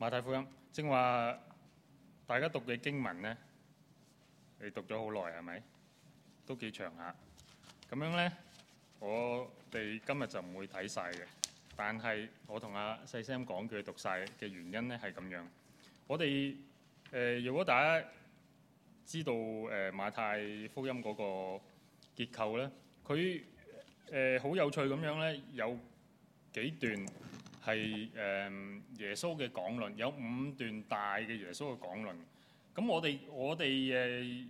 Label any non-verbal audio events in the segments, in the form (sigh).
馬太福音正話，大家讀嘅經文咧，你讀咗好耐係咪？都幾長下。咁樣咧，我哋今日就唔會睇晒嘅。但係我同阿細聲講，佢讀晒嘅原因咧係咁樣。我哋誒，如果大家知道誒馬太福音嗰個結構咧，佢誒好有趣咁樣咧，有幾段。係誒耶穌嘅講論，有五段大嘅耶穌嘅講論。咁我哋我哋誒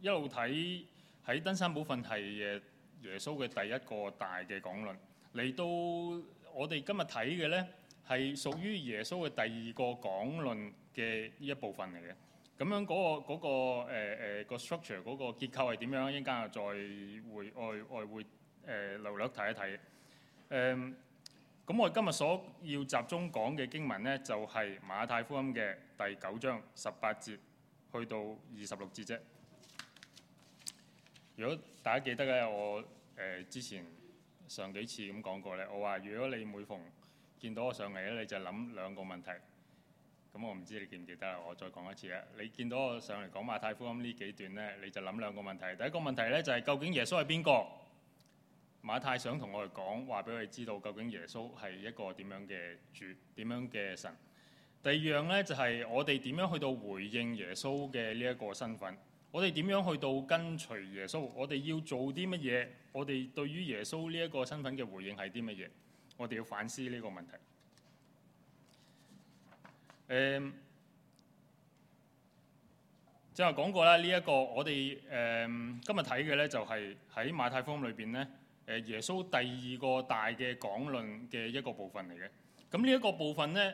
一路睇喺登山寶訓係誒耶穌嘅第一個大嘅講論。嚟到我哋今日睇嘅呢係屬於耶穌嘅第二個講論嘅呢一部分嚟嘅。咁樣嗰個嗰個誒誒個 structure 嗰個結構係點樣？一陣間再會外外會誒留略睇一睇誒。咁我今日所要集中講嘅經文呢，就係馬太福音嘅第九章十八節去到二十六節啫。如果大家記得嘅，我誒之前上幾次咁講過呢，我話如果你每逢見到我上嚟咧，你就諗兩個問題。咁我唔知你記唔記得啦，我再講一次啊！你見到我上嚟講馬太福音呢幾段呢，你就諗兩個問題。第一個問題呢，就係究竟耶穌係邊個？馬太想同我哋講話，俾我哋知道究竟耶穌係一個點樣嘅主，點樣嘅神。第二樣呢，就係、是、我哋點樣去到回應耶穌嘅呢一個身份。我哋點樣去到跟隨耶穌？我哋要做啲乜嘢？我哋對於耶穌呢一個身份嘅回應係啲乜嘢？我哋要反思呢個問題。誒、嗯，就話講過啦。呢、這、一個我哋誒、嗯、今日睇嘅呢，就係喺馬太福音裏邊咧。耶穌第二個大嘅講論嘅一個部分嚟嘅，咁呢一個部分呢，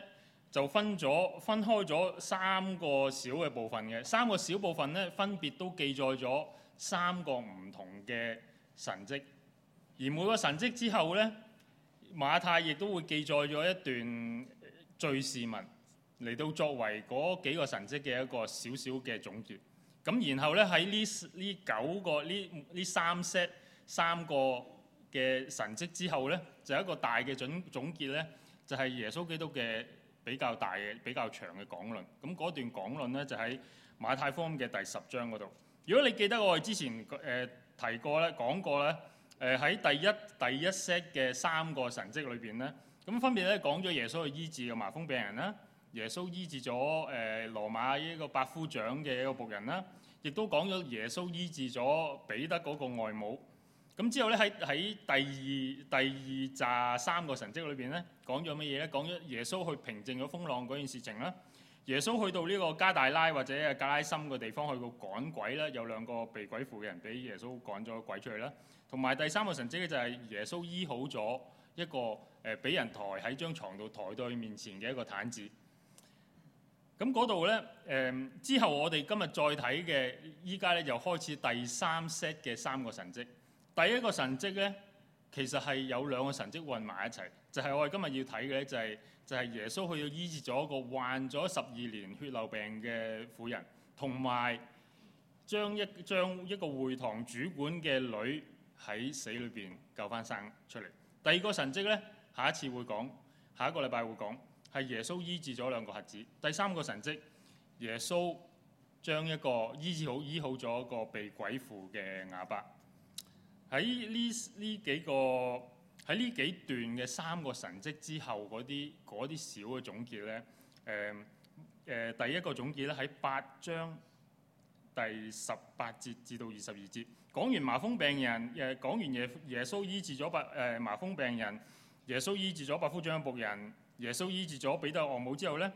就分咗分開咗三個小嘅部分嘅，三個小部分呢，分別都記載咗三個唔同嘅神蹟，而每個神蹟之後呢，馬太亦都會記載咗一段敍事文嚟到作為嗰幾個神蹟嘅一個小小嘅總結。咁然後呢，喺呢呢九個呢呢三 set 三個嘅神蹟之後咧，就一個大嘅總總結咧，就係耶穌基督嘅比較大嘅、比較長嘅講論。咁嗰段講論咧，就喺馬太福音嘅第十章嗰度。如果你記得我哋之前誒提過咧、講過咧，誒喺第一第一 set 嘅三個神蹟裏邊咧，咁分別咧講咗耶穌去醫治嘅麻風病人啦，耶穌醫治咗誒羅馬一個百夫長嘅一個僕人啦，亦都講咗耶穌醫治咗彼得嗰個外母。咁之後呢，喺喺第二第二集三個神跡裏邊呢，講咗乜嘢呢？講咗耶穌去平靜咗風浪嗰件事情啦。耶穌去到呢個加大拉或者啊加拉森嘅地方去到趕鬼啦，有兩個被鬼附嘅人俾耶穌趕咗鬼出去啦。同埋第三個神跡呢，就係耶穌醫好咗一個誒俾人抬喺張床度抬到佢面前嘅一個癱子。咁嗰度呢，誒之後我們今天，我哋今日再睇嘅依家呢，又開始第三 set 嘅三個神跡。第一個神蹟呢，其實係有兩個神蹟混埋一齊，就係、是、我哋今日要睇嘅咧，就係就係耶穌去醫治咗個患咗十二年血漏病嘅婦人，同埋將一將一個會堂主管嘅女喺死裏邊救翻生出嚟。第二個神蹟呢，下一次會講，下一個禮拜會講，係耶穌醫治咗兩個瞎子。第三個神蹟，耶穌將一個醫治好醫好咗個被鬼附嘅啞巴。喺呢呢幾個喺呢幾段嘅三個神蹟之後嗰啲啲小嘅總結咧，誒、呃、誒、呃、第一個總結咧，喺八章第十八節至到二十二節，講完麻風病人，誒講完耶耶穌醫治咗百誒麻風病人，耶穌醫治咗百夫長嘅僕人，耶穌醫治咗彼得岳母之後咧，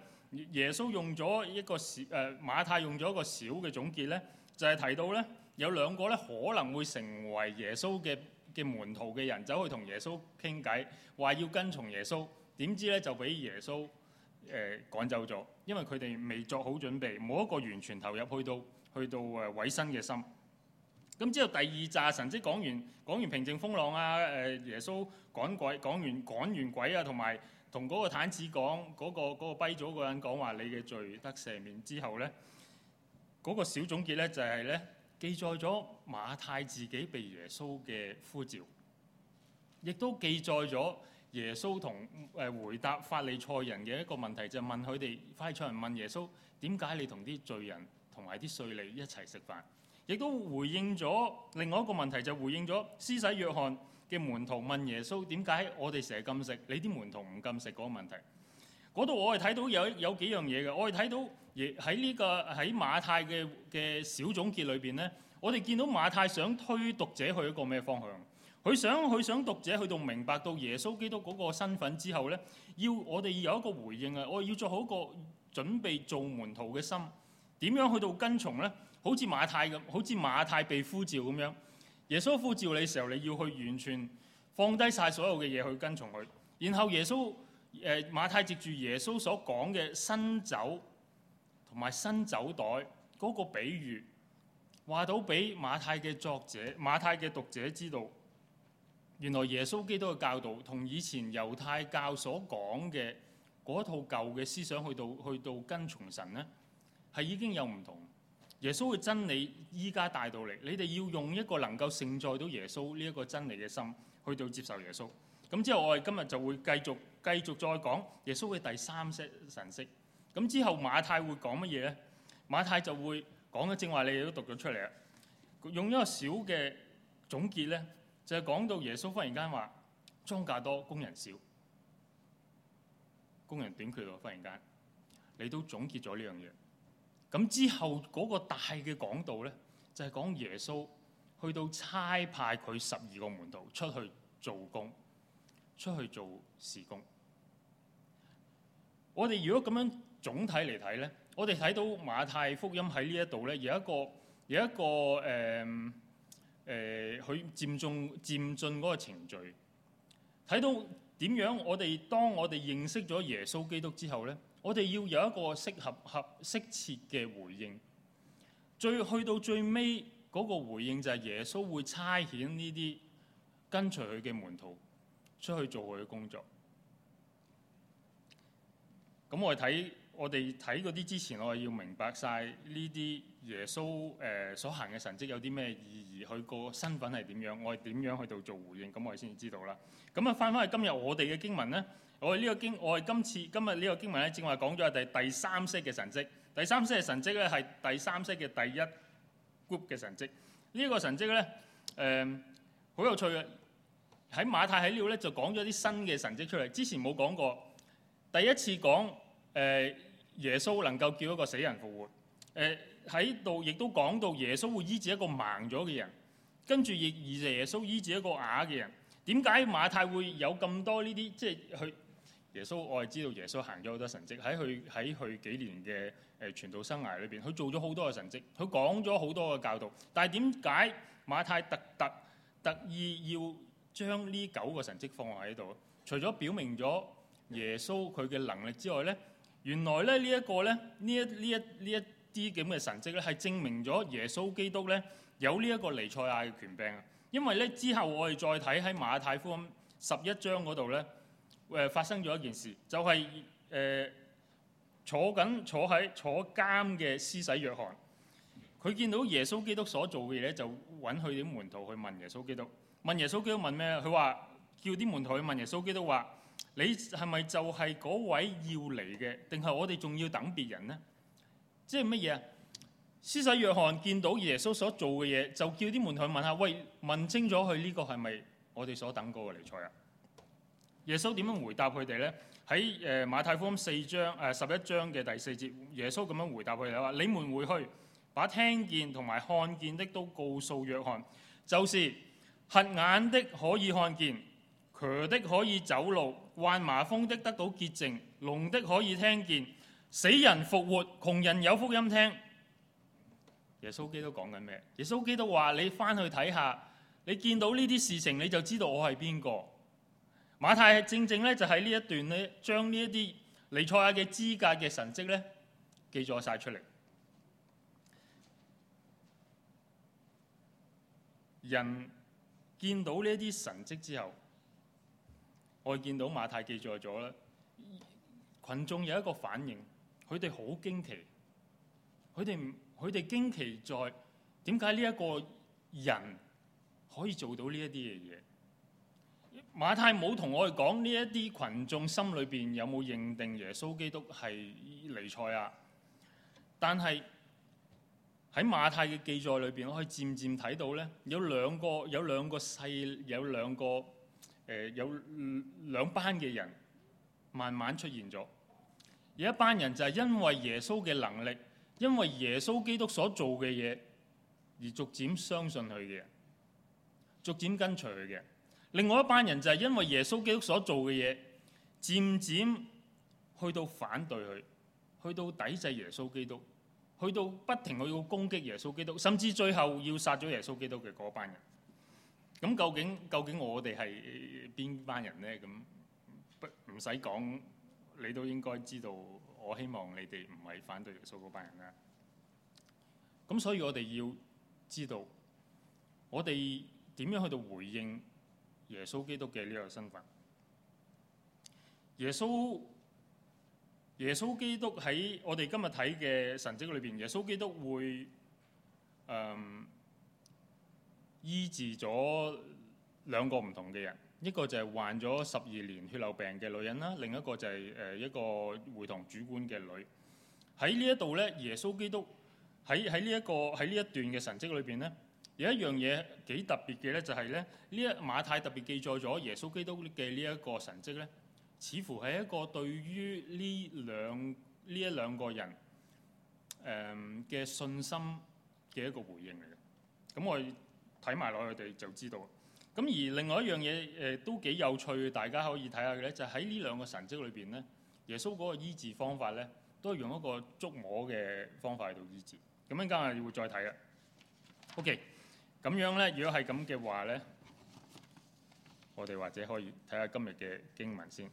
耶穌用咗一個小誒、呃、馬太用咗一個小嘅總結咧，就係、是、提到咧。有兩個咧可能會成為耶穌嘅嘅門徒嘅人，走去同耶穌傾偈，話要跟從耶穌。點知咧就俾耶穌誒趕走咗，因為佢哋未作好準備，冇一個完全投入去到去到誒委身嘅心。咁之後第二紮神跡講完講完平靜風浪啊，誒耶穌趕鬼講完趕完鬼啊，同埋同嗰個癱子講嗰個嗰個跛咗個人講話你嘅罪得赦免之後咧，嗰個小總結咧就係咧。記載咗馬太自己被耶穌嘅呼召，亦都記載咗耶穌同誒回答法利賽人嘅一個問題，就是、問佢哋法利賽人問耶穌點解你同啲罪人同埋啲稅吏一齊食飯，亦都回應咗另外一個問題，就是、回應咗施洗約翰嘅門徒問耶穌點解我哋成日禁食，你啲門徒唔禁食嗰個問題。嗰度我係睇到有有幾樣嘢嘅，我係睇到亦喺呢個喺馬太嘅嘅小總結裏邊呢，我哋見到馬太想推讀者去一個咩方向？佢想佢想讀者去到明白到耶穌基督嗰個身份之後呢，要我哋要有一個回應啊！我要做好個準備做門徒嘅心，點樣去到跟從呢？好似馬太咁，好似馬太被呼召咁樣，耶穌呼召你嘅時候，你要去完全放低晒所有嘅嘢去跟從佢，然後耶穌。誒馬太接住耶穌所講嘅新酒同埋新酒袋嗰個比喻，話到俾馬太嘅作者、馬太嘅讀者知道，原來耶穌基督嘅教導同以前猶太教所講嘅嗰套舊嘅思想，去到去到跟從神呢，係已經有唔同。耶穌嘅真理依家帶到嚟，你哋要用一個能夠承載到耶穌呢一個真理嘅心，去到接受耶穌。咁之後我哋今日就會繼續繼續再講耶穌嘅第三色神色。咁之後馬太會講乜嘢呢？馬太就會講嘅，正話你哋都讀咗出嚟啦。用一個小嘅總結呢，就係講到耶穌忽然間話莊稼多工人少，工人短缺喎。忽然間，你都總結咗呢樣嘢。咁之後嗰個大嘅講道呢，就係講耶穌去到差派佢十二個門徒出去做工。出去做事工。我哋如果咁樣總體嚟睇呢，我哋睇到馬太福音喺呢一度呢，有一個有一個誒誒，佢漸進漸進嗰個程序，睇到點樣我哋？我哋當我哋認識咗耶穌基督之後呢，我哋要有一個適合合適切嘅回應。最去到最尾嗰個回應就係耶穌會差遣呢啲跟隨佢嘅門徒。出去做佢嘅工作。咁我哋睇我哋睇嗰啲之前，我哋要明白晒呢啲耶穌誒、呃、所行嘅神蹟有啲咩意義，佢個身份係點樣，我哋點樣去到做回應，咁我哋先至知道啦。咁啊，翻返去今日我哋嘅經文咧，我哋呢個經，我哋今次今日呢個經文咧，正話講咗係第第三式嘅神蹟。第三式嘅神蹟咧係第三式嘅第一 group 嘅神蹟。呢、這個神蹟咧誒好有趣嘅。喺馬太喺呢度咧就講咗啲新嘅神跡出嚟，之前冇講過。第一次講誒、呃、耶穌能夠叫一個死人復活，誒喺度亦都講到耶穌會醫治一個盲咗嘅人，跟住亦而耶穌醫治一個啞嘅人。點解馬太會有咁多呢啲？即係去，耶穌，我係知道耶穌行咗好多神跡喺佢喺佢幾年嘅誒傳道生涯裏邊，佢做咗好多嘅神跡，佢講咗好多嘅教導。但係點解馬太特特特意要？將呢九個神跡放喺度，除咗表明咗耶穌佢嘅能力之外呢，原來咧呢這一個咧呢一,一,一呢一呢一啲咁嘅神跡咧，係證明咗耶穌基督咧有呢一個彌賽亞嘅權柄啊！因為呢之後我哋再睇喺馬太福音十一章嗰度呢，誒、呃、發生咗一件事，就係、是、誒、呃、坐緊坐喺坐監嘅施洗約翰。佢見到耶穌基督所做嘅嘢咧，就揾佢啲門徒去問耶穌基督。問耶穌基督問咩？佢話叫啲門徒去問耶穌基督話：你係咪就係嗰位要嚟嘅？定係我哋仲要等別人呢？即係乜嘢啊？施洗約翰見到耶穌所做嘅嘢，就叫啲門徒去問下：喂，問清楚佢呢個係咪我哋所等嗰個彌賽亞？耶穌點樣回答佢哋咧？喺誒、呃、馬太福音四章誒、呃、十一章嘅第四節，耶穌咁樣回答佢哋話：你們回去。把聽見同埋看見的都告訴約翰，就是瞎眼的可以看見，瘸的可以走路，患麻風的得到潔淨，聾的可以聽見，死人復活，窮人有福音聽。耶穌基督講緊咩？耶穌基督話：你翻去睇下，你見到呢啲事情，你就知道我係邊個？馬太正正咧就喺呢一段咧，將呢一啲彌賽亞嘅資格嘅神跡咧記咗晒出嚟。人見到呢啲神跡之後，我見到馬太記載咗咧，群眾有一個反應，佢哋好驚奇，佢哋佢哋驚奇在點解呢一個人可以做到呢一啲嘅嘢？馬太冇同我哋講呢一啲群眾心裏面有冇認定耶穌基督係彌賽亞？但係。喺馬太嘅記載裏邊，我可以漸漸睇到呢：有兩個有兩個細有兩個誒、呃、有兩班嘅人慢慢出現咗。有一班人就係因為耶穌嘅能力，因為耶穌基督所做嘅嘢而逐漸相信佢嘅，逐漸跟隨佢嘅。另外一班人就係因為耶穌基督所做嘅嘢，漸漸去到反對佢，去到抵制耶穌基督。去到不停去要攻擊耶穌基督，甚至最後要殺咗耶穌基督嘅嗰班人。咁究竟究竟我哋係邊班人呢？咁不唔使講，你都應該知道。我希望你哋唔係反對耶穌嗰班人啦。咁所以，我哋要知道我哋點樣去到回應耶穌基督嘅呢個身份？耶穌。耶穌基督喺我哋今日睇嘅神蹟裏邊，耶穌基督會誒、嗯、醫治咗兩個唔同嘅人，一個就係患咗十二年血漏病嘅女人啦，另一個就係誒一個會堂主管嘅女。喺呢一度咧，耶穌基督喺喺呢一個喺呢一段嘅神蹟裏邊咧，有一樣嘢幾特別嘅咧，就係、是、咧呢一馬太特別記載咗耶穌基督嘅呢一個神蹟咧。似乎係一個對於呢兩呢一兩個人誒嘅、嗯、信心嘅一個回應嚟嘅。咁、嗯、我睇埋落去，佢哋就知道。咁、嗯、而另外一樣嘢誒都幾有趣，大家可以睇下嘅咧，就喺呢兩個神跡裏邊咧，耶穌嗰個醫治方法咧，都係用一個觸摸嘅方法嚟到醫治。咁、嗯、陣間我哋會再睇啦。OK，咁樣咧，如果係咁嘅話咧，我哋或者可以睇下今日嘅經文先。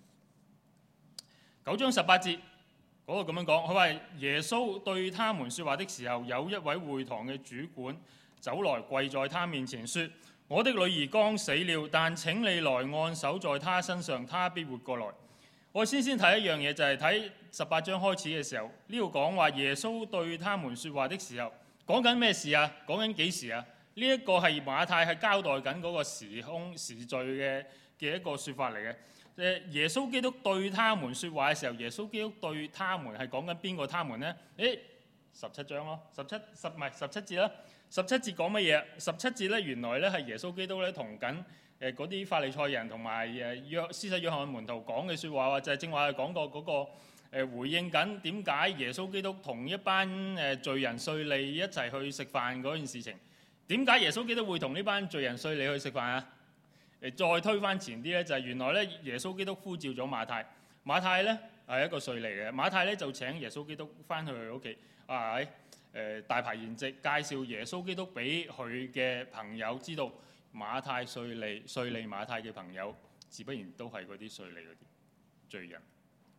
九章十八節嗰、那個咁樣講，佢話耶穌對他們説話的時候，有一位會堂嘅主管走來跪在他面前，説：我的女兒剛死了，但請你來按手在她身上，她必活過來。我先先睇一樣嘢，就係、是、睇十八章開始嘅時候，呢度講話耶穌對他們説話的時候，講緊咩事啊？講緊幾時啊？呢、這、一個係馬太係交代緊嗰個時空時序嘅嘅一個説法嚟嘅。耶穌基督對他們說話嘅時候，耶穌基督對他們係講緊邊個他們呢？誒十七章咯，十七十唔係十七節啦。十七節講乜嘢？十七節呢，原來呢係耶穌基督呢同緊誒嗰啲法利賽人同埋誒約施洗約翰嘅門徒講嘅説話，或者正話係講過嗰個回應緊點解耶穌基督同一班誒罪人稅吏一齊去食飯嗰件事情。點解耶穌基督會同呢班罪人稅吏去食飯啊？再推翻前啲呢，就係、是、原來呢耶穌基督呼召咗馬太，馬太呢係一個稅吏嘅，馬太呢就請耶穌基督翻去佢屋企，啊、哎、喺、呃、大排筵席，介紹耶穌基督俾佢嘅朋友知道，馬太稅吏。稅吏馬太嘅朋友自不然都係嗰啲稅吏嗰啲罪人，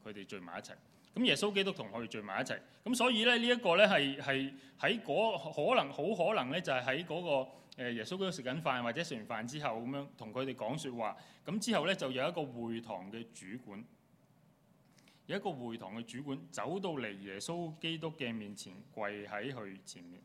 佢哋聚埋一齊。咁耶穌基督同佢聚埋一齊，咁所以咧呢一個咧係係喺嗰可能好可能咧就係喺嗰個耶穌基督食緊飯，或者食完飯之後咁樣同佢哋講説話，咁之後咧就有一個會堂嘅主管，有一個會堂嘅主管走到嚟耶穌基督嘅面前跪喺佢前面。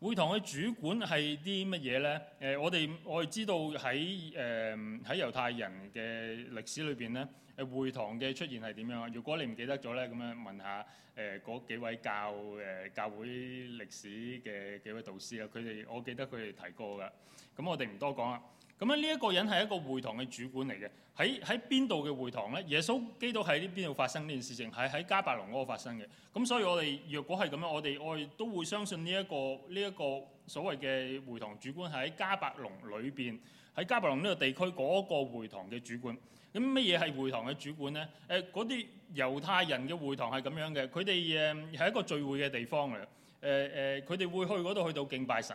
會堂嘅主管係啲乜嘢咧？誒、呃，我哋我哋知道喺誒喺猶太人嘅歷史裏邊咧。誒會堂嘅出現係點樣？如果你唔記得咗咧，咁樣問下誒嗰、呃、幾位教誒、呃、教會歷史嘅幾位導師啦，佢哋我記得佢哋提過噶。咁我哋唔多講啦。咁樣呢一個人係一個會堂嘅主管嚟嘅，喺喺邊度嘅會堂咧？耶穌基督喺呢邊度發生呢件事情？係喺迦百農嗰個發生嘅。咁所以我哋若果係咁樣，我哋我哋都會相信呢、這、一個呢一、這個所謂嘅會堂主管喺迦百農裏邊，喺迦百農呢個地區嗰個會堂嘅主管。咁咩嘢係會堂嘅主管呢？誒、呃，嗰啲猶太人嘅會堂係咁樣嘅，佢哋誒係一個聚會嘅地方嚟嘅。誒佢哋會去嗰度去到敬拜神，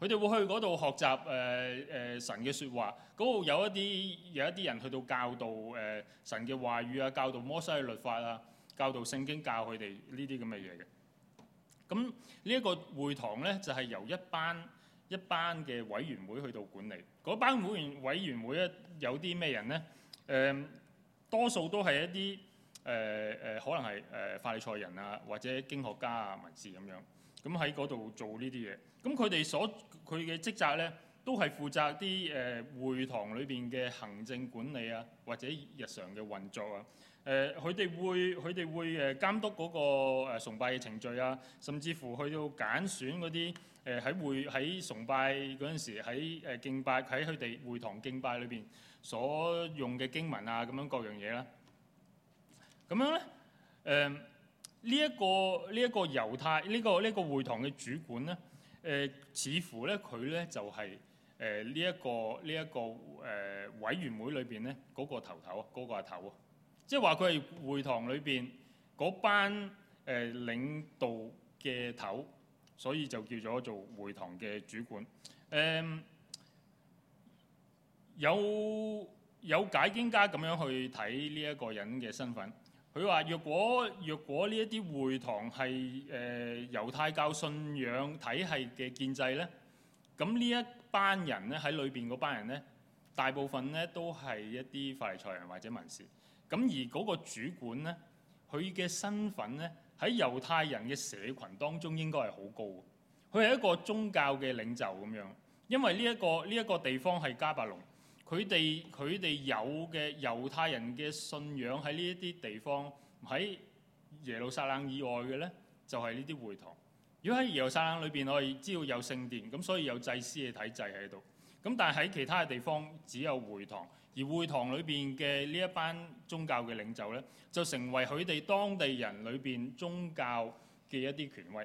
佢哋會去嗰度學習誒誒、呃呃、神嘅説話。嗰度有一啲有一啲人去到教導誒、呃、神嘅話語啊，教導摩西嘅律法啊，教導聖經教佢哋呢啲咁嘅嘢嘅。咁呢一個會堂呢，就係、是、由一班一班嘅委員會去到管理，嗰班委員委員會咧，有啲咩人呢？誒、嗯、多數都係一啲誒誒，可能係誒、呃、法利賽人啊，或者經學家啊、文士咁樣，咁喺嗰度做這些、嗯、他他的職呢啲嘢。咁佢哋所佢嘅職責咧，都係負責啲誒、呃、會堂裏邊嘅行政管理啊，或者日常嘅運作啊。誒、呃，佢哋會佢哋會誒監督嗰個崇拜嘅程序啊，甚至乎去到揀選嗰啲誒喺會喺崇拜嗰陣時喺誒、呃、敬拜喺佢哋會堂敬拜裏邊。所用嘅經文啊，咁樣各樣嘢啦，咁樣咧，誒呢一個呢一、這個猶太呢、這個呢、這個會堂嘅主管咧，誒、呃、似乎咧佢咧就係誒呢一個呢一、這個誒、呃、委員會裏邊咧嗰個頭頭啊，嗰、那個阿頭啊，即係話佢係會堂裏邊嗰班誒、呃、領導嘅頭，所以就叫咗做會堂嘅主管，誒、嗯。有有解經家咁樣去睇呢一個人嘅身份。佢話：若果若果呢一啲會堂係誒猶太教信仰體系嘅建制呢，咁呢一班人咧喺裏邊嗰班人呢，大部分呢都係一啲法利賽人或者文士。咁而嗰個主管呢，佢嘅身份呢，喺猶太人嘅社群當中應該係好高，佢係一個宗教嘅領袖咁樣。因為呢一個呢一個地方係加百隆。佢哋佢哋有嘅猶太人嘅信仰喺呢一啲地方喺耶路撒冷以外嘅呢，就係呢啲會堂。如果喺耶路撒冷裏邊，我哋知道有聖殿，咁所以有祭司嘅體制喺度。咁但係喺其他嘅地方只有會堂，而會堂裏邊嘅呢一班宗教嘅領袖呢，就成為佢哋當地人裏邊宗教嘅一啲權威。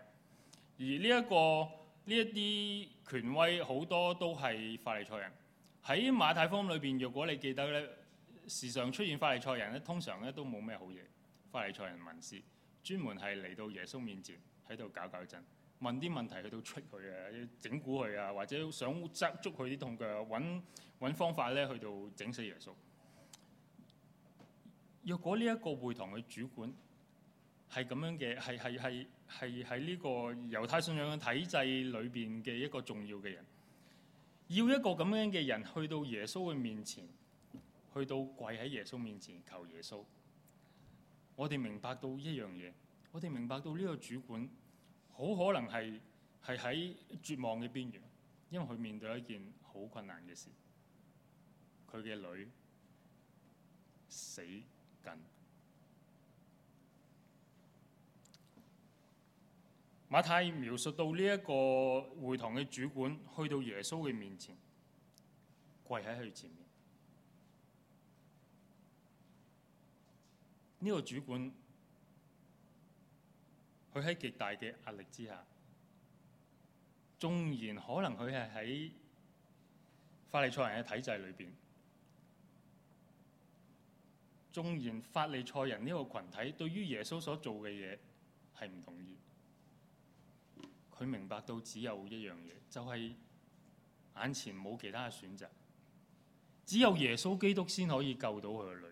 而呢一個呢一啲權威好多都係法利賽人。喺馬太福音裏邊，若果你記得呢，時常出現法利賽人咧，通常呢都冇咩好嘢。法利賽人、文士，專門係嚟到耶穌面前喺度搞搞震，問啲問題去到出佢啊，整蠱佢啊，或者想抓捉佢啲痛腳，揾揾方法呢去到整死耶穌。若果呢一個會堂嘅主管係咁樣嘅，係係係係喺呢個猶太信仰嘅體制裏邊嘅一個重要嘅人。要一個咁樣嘅人去到耶穌嘅面前，去到跪喺耶穌面前求耶穌。我哋明白到一樣嘢，我哋明白到呢個主管好可能係係喺絕望嘅邊緣，因為佢面對一件好困難嘅事，佢嘅女死緊。馬太描述到呢一個會堂嘅主管去到耶穌嘅面前，跪喺佢前面。呢個主管，佢喺極大嘅壓力之下，縱然可能佢係喺法利賽人嘅體制裏邊，縱然法利賽人呢個群體對於耶穌所做嘅嘢係唔同意。佢明白到只有一樣嘢，就係眼前冇其他嘅選擇，只有耶穌基督先可以救到佢嘅女。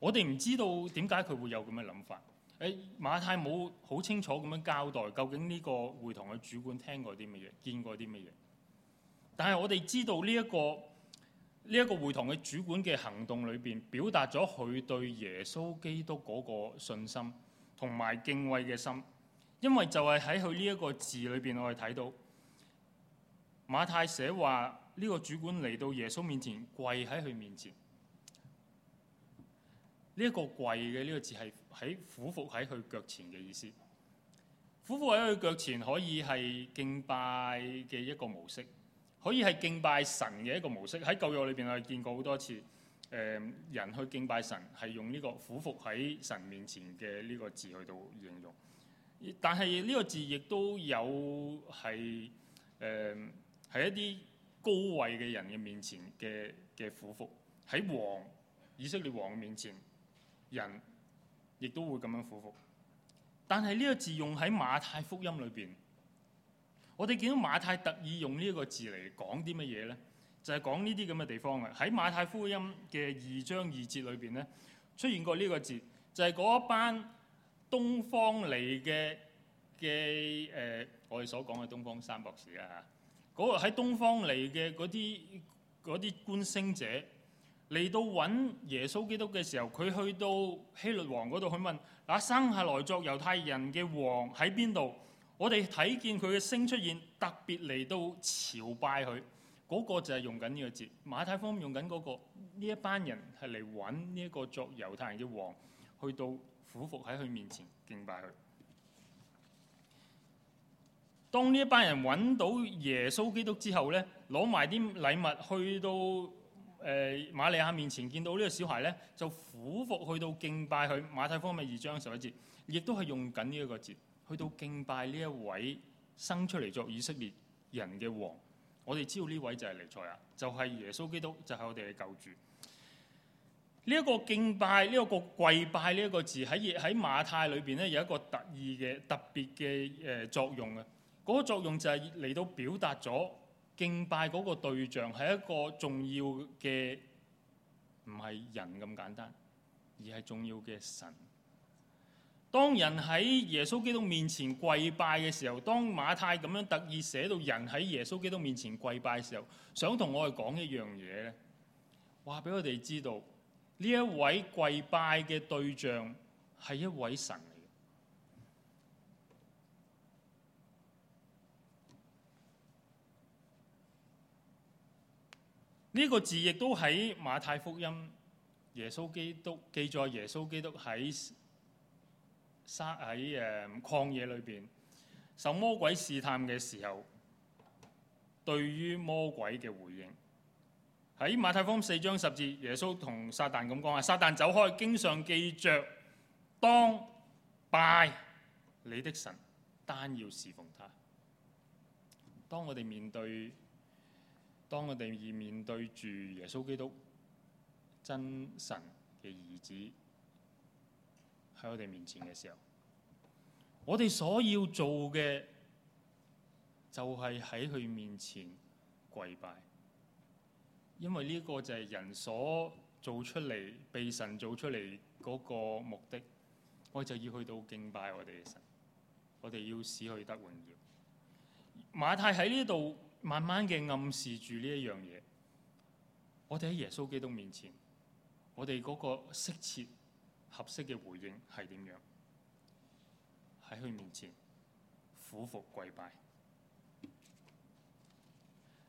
我哋唔知道點解佢會有咁嘅諗法。誒，馬太冇好清楚咁樣交代，究竟呢個會堂嘅主管聽過啲乜嘢，見過啲乜嘢。但係我哋知道呢一個呢一個會堂嘅主管嘅行動裏邊表達咗佢對耶穌基督嗰個信心同埋敬畏嘅心。因為就係喺佢呢一個字裏邊，我哋睇到馬太寫話呢個主管嚟到耶穌面前跪喺佢面前。呢一、這個跪嘅呢、這個字係喺俯伏喺佢腳前嘅意思。俯伏喺佢腳前可以係敬拜嘅一個模式，可以係敬拜神嘅一個模式。喺舊約裏邊我哋見過好多次。誒、呃、人去敬拜神係用呢、這個俯伏喺神面前嘅呢個字去到形容。但係呢個字亦都有係誒係一啲高位嘅人嘅面前嘅嘅俯伏，喺王以色列王面前，人亦都會咁樣俯伏。但係呢個字用喺馬太福音裏邊，我哋見到馬太特意用呢一個字嚟講啲乜嘢呢？就係講呢啲咁嘅地方嘅。喺馬太福音嘅二章二節裏邊呢，出現過呢個字，就係嗰班。東方嚟嘅嘅誒，我哋所講嘅東方三博士啊，嗰個喺東方嚟嘅嗰啲啲觀星者嚟到揾耶穌基督嘅時候，佢去到希律王嗰度去問：嗱，生下來作猶太人嘅王喺邊度？我哋睇見佢嘅星出現，特別嚟到朝拜佢。嗰個就係用緊呢個字。馬太福音用緊嗰個呢一班人係嚟揾呢一個作猶太人嘅王去到。俯伏喺佢面前敬拜佢。當呢一班人揾到耶穌基督之後呢，攞埋啲禮物去到誒、呃、馬利亞面前，見到呢個小孩呢，就俯伏去到敬拜佢。馬太福音二章十一節，亦都係用緊呢一個字，去到敬拜呢一位生出嚟作以色列人嘅王。我哋知道呢位就係彌賽亞，就係、是、耶穌基督，就係、是、我哋嘅救主。呢一個敬拜，呢一個跪拜，呢一個字喺喺馬太裏邊咧，有一個特意嘅特別嘅誒作用啊！嗰個作用就係嚟到表達咗敬拜嗰個對象係一個重要嘅，唔係人咁簡單，而係重要嘅神。當人喺耶穌基督面前跪拜嘅時候，當馬太咁樣特意寫到人喺耶穌基督面前跪拜嘅時候，想同我哋講一樣嘢咧，話俾我哋知道。呢一位跪拜嘅對象係一位神嚟。呢個字亦都喺馬太福音耶穌基督記載耶穌基督喺沙喺誒曠野裏邊受魔鬼試探嘅時候，對於魔鬼嘅回應。喺馬太福音四章十節，耶穌同撒旦咁講啊：撒旦走開！經常記着，當拜你的神，單要侍奉他。當我哋面對，當我哋而面對住耶穌基督真神嘅兒子喺我哋面前嘅時候，我哋所要做嘅就係喺佢面前跪拜。因為呢個就係人所做出嚟、被神做出嚟嗰個目的，我就要去到敬拜我哋嘅神，我哋要使佢得榮耀。馬太喺呢度慢慢嘅暗示住呢一樣嘢，我哋喺耶穌基督面前，我哋嗰個適切、合適嘅回應係點樣？喺佢面前俯伏跪拜。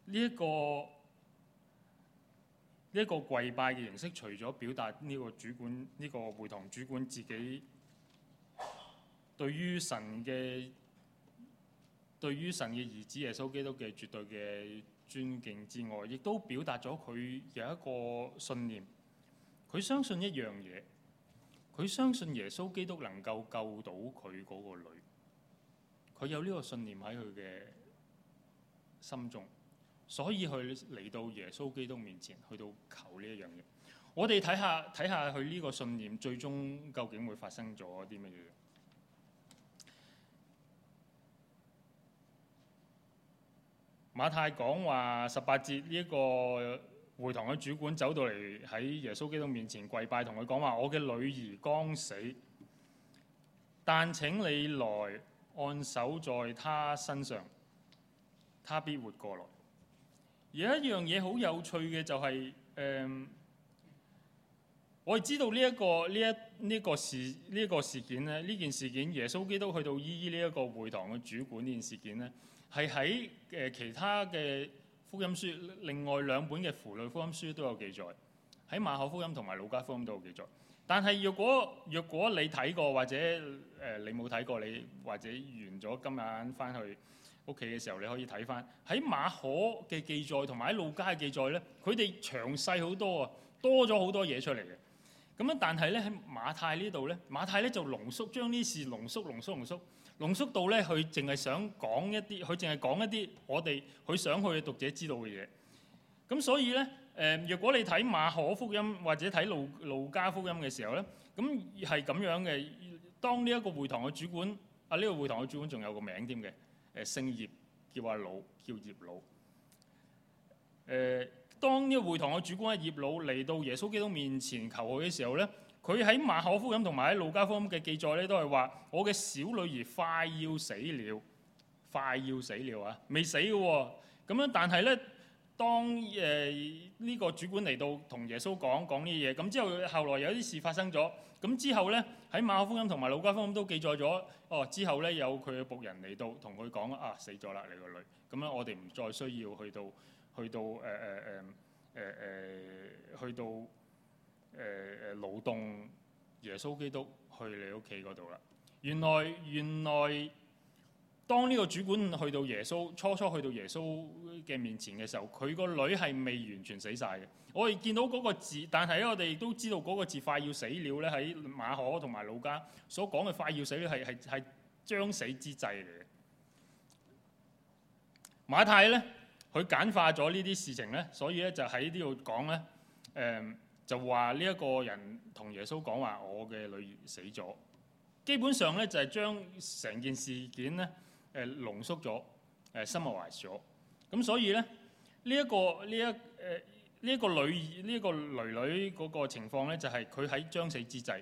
呢一個。呢一個跪拜嘅形式，除咗表達呢個主管、呢個會堂主管自己對於神嘅、對於神嘅兒子耶穌基督嘅絕對嘅尊敬之外，亦都表達咗佢有一個信念，佢相信一樣嘢，佢相信耶穌基督能夠救到佢嗰個女，佢有呢個信念喺佢嘅心中。所以佢嚟到耶穌基督面前，去到求呢一樣嘢。我哋睇下睇下佢呢個信念最終究竟會發生咗啲乜嘢？馬太講話十八節，呢一個會堂嘅主管走到嚟喺耶穌基督面前跪拜，同佢講話：我嘅女兒剛死，但請你來按手在她身上，她必活過來。有一樣嘢好有趣嘅就係、是，誒、嗯，我哋知道呢、這、一個呢一呢個事呢、這個事件咧，呢件事件耶穌基督去到依依呢一個會堂嘅主管呢件事件咧，係喺誒其他嘅福音書另外兩本嘅符類福音書都有記載，喺馬可福音同埋路加福音都有記載。但係若果若果你睇過或者誒、呃、你冇睇過你或者完咗今日翻去。屋企嘅時候，你可以睇翻喺馬可嘅記載，同埋喺路加嘅記載咧，佢哋詳細好多啊，多咗好多嘢出嚟嘅。咁樣，但係咧喺馬太呢度咧，馬太咧就濃縮將呢事濃縮濃縮濃縮濃縮到咧，佢淨係想講一啲，佢淨係講一啲我哋佢想去嘅讀者知道嘅嘢。咁所以咧，誒、呃，若果你睇馬可福音或者睇路路加福音嘅時候咧，咁係咁樣嘅。當呢一個會堂嘅主管，啊，呢、這個會堂嘅主管仲有個名添嘅。呃、姓葉叫阿魯叫葉魯，誒、呃、當呢個會堂嘅主管係葉魯嚟到耶穌基督面前求佢嘅時候咧，佢喺馬可福音同埋喺路加福音嘅記載咧都係話：我嘅小女兒快要死了，快要死了啊！未死嘅喎、啊，咁樣但係咧。當誒呢、呃這個主管嚟到同耶穌講講呢啲嘢，咁之後後來有啲事發生咗，咁之後呢，喺馬可福音同埋路加福音都記載咗，哦之後呢，有佢嘅僕人嚟到同佢講啊，死咗啦，你個女，咁咧我哋唔再需要去到去到誒誒誒去到誒誒勞動耶穌基督去你屋企嗰度啦，原來原來。當呢個主管去到耶穌，初初去到耶穌嘅面前嘅時候，佢個女係未完全死晒嘅。我哋見到嗰個字，但係我哋都知道嗰個字快要死了咧。喺馬可同埋路加所講嘅快要死咧，係係係將死之際嚟嘅。馬太咧，佢簡化咗呢啲事情咧，所以咧就喺呢度講咧，誒、嗯、就話呢一個人同耶穌講話：我嘅女死咗。基本上咧就係將成件事件咧。誒、啊、濃縮咗，誒 summarised 咗。咁、啊、所以咧，呢、這、一個呢一誒呢一個女呢、這個囡囡嗰個情況呢，就係佢喺將死之際，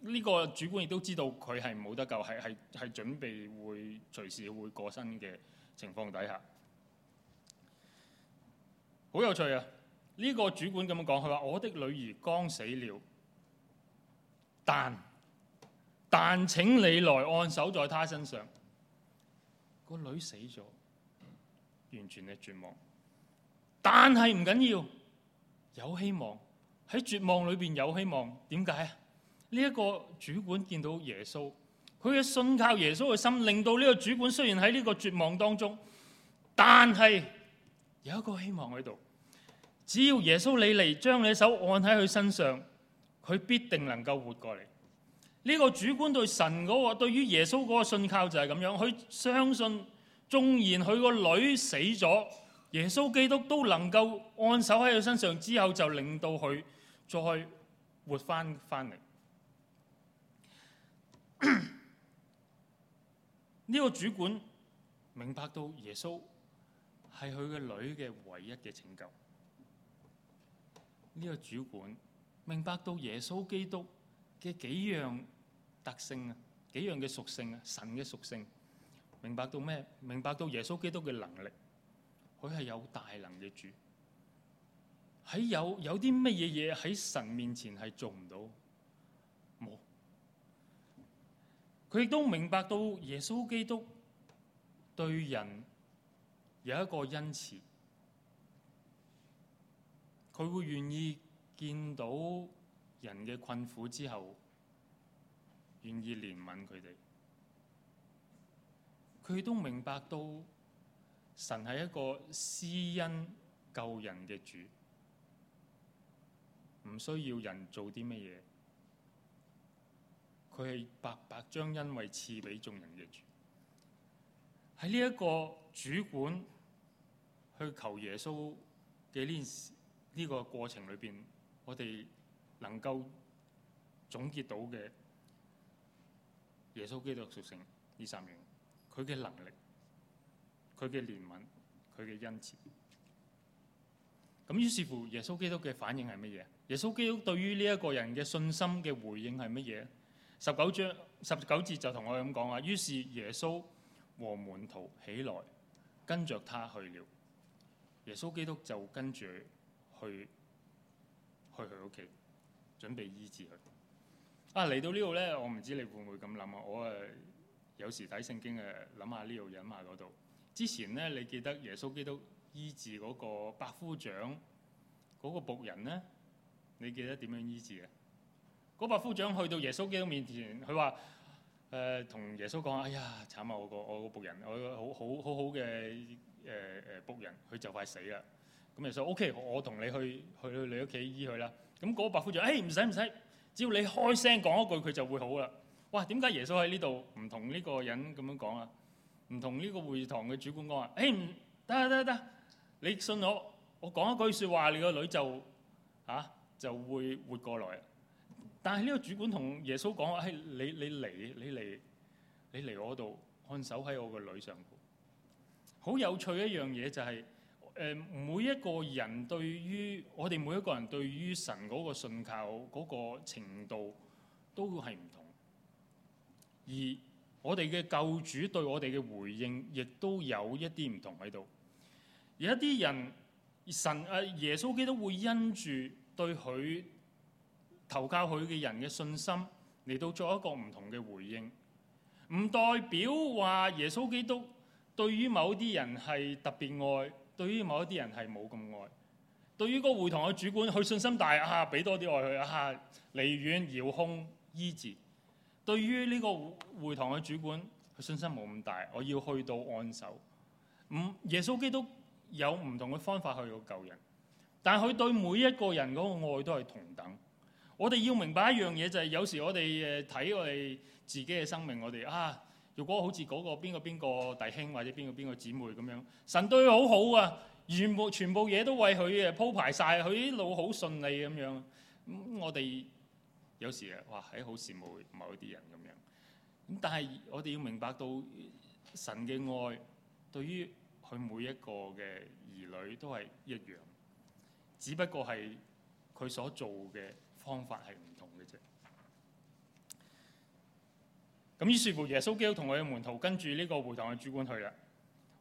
呢、這個主管亦都知道佢係冇得救，係係係準備會隨時會過身嘅情況底下，好有趣啊！呢、這個主管咁樣講，佢話：我的女兒剛死了，但但請你來按手在她身上。個女死咗，完全係絕望。但係唔緊要，有希望，喺絕望裏邊有希望。點解啊？呢一個主管見到耶穌，佢嘅信靠耶穌嘅心，令到呢個主管雖然喺呢個絕望當中，但係有一個希望喺度。只要耶穌你嚟，將你手按喺佢身上，佢必定能夠活過嚟。呢個主管對神嗰個，對於耶穌嗰個信靠就係咁樣，佢相信縱然佢個女死咗，耶穌基督都能夠按手喺佢身上之後，就令到佢再活翻翻嚟。呢 (coughs) 個主管明白到耶穌係佢嘅女嘅唯一嘅拯救。呢個主管明白到耶穌基督。嘅幾樣特性啊，幾樣嘅屬性啊，神嘅屬性，明白到咩？明白到耶穌基督嘅能力，佢係有大能嘅主。喺有有啲乜嘢嘢喺神面前係做唔到，冇。佢亦都明白到耶穌基督對人有一個恩慈，佢會願意見到。人嘅困苦之後，願意憐憫佢哋。佢都明白到神係一個施恩救人嘅主，唔需要人做啲乜嘢。佢係白白將恩惠賜俾眾人嘅主。喺呢一個主管去求耶穌嘅呢呢個過程裏邊，我哋能夠總結到嘅耶穌基督屬性呢三樣，佢嘅能力、佢嘅憐憫、佢嘅恩慈。咁於是乎耶穌是，耶穌基督嘅反應係乜嘢？耶穌基督對於呢一個人嘅信心嘅回應係乜嘢？十九章十九節就同我咁講啊。於是耶穌和門徒起來，跟着他去了。耶穌基督就跟住去去佢屋企。準備醫治佢啊！嚟到呢度咧，我唔知你會唔會咁諗啊！我誒有時睇聖經嘅，諗下呢度，諗下嗰度。之前咧，你記得耶穌基督醫治嗰個百夫長嗰個僕人咧？你記得點樣醫治嘅？嗰百夫長去到耶穌基督面前，佢話誒同耶穌講，哎呀，慘啊！我個我個僕人，我好好好好好好嘅誒誒僕人，佢就快死啦！咁耶穌：OK，我同你去去你屋企醫佢啦。咁嗰個百夫就，誒唔使唔使，只要你開聲講一句，佢就會好啦。哇！點解耶穌喺呢度唔同呢個人咁樣講啊？唔同呢個會堂嘅主管講話誒，唔得得得，你信我，我講一句説話，你個女就啊就會活過來。但係呢個主管同耶穌講話誒，你你嚟你嚟你嚟我度看守喺我個女上。好有趣一樣嘢就係。誒每一個人對於我哋每一個人對於神嗰個信靠嗰個程度都係唔同，而我哋嘅救主對我哋嘅回應，亦都有一啲唔同喺度。而一啲人神誒耶穌基督會因住對佢投靠佢嘅人嘅信心嚟到作一個唔同嘅回應，唔代表話耶穌基督對於某啲人係特別愛。對於某一啲人係冇咁愛，對於嗰會堂嘅主管，佢信心大啊，俾多啲愛佢啊，離遠遙控醫治。對於呢個會堂嘅主管，佢信心冇咁大，我要去到按手，唔，耶穌基督有唔同嘅方法去到救人，但係佢對每一個人嗰個愛都係同等。我哋要明白一樣嘢就係、是，有時我哋誒睇我哋自己嘅生命，我哋啊。如果好似嗰個邊個邊個弟兄或者邊個邊個姊妹咁樣，神對佢好好啊，全部全部嘢都為佢誒鋪排晒佢啲路好順利咁樣，我哋有時啊，哇係好羨慕某一啲人咁樣，咁但係我哋要明白到神嘅愛對於佢每一個嘅兒女都係一樣，只不過係佢所做嘅方法係唔咁於是乎耶穌基督同佢嘅門徒跟住呢個會堂嘅主管去啦。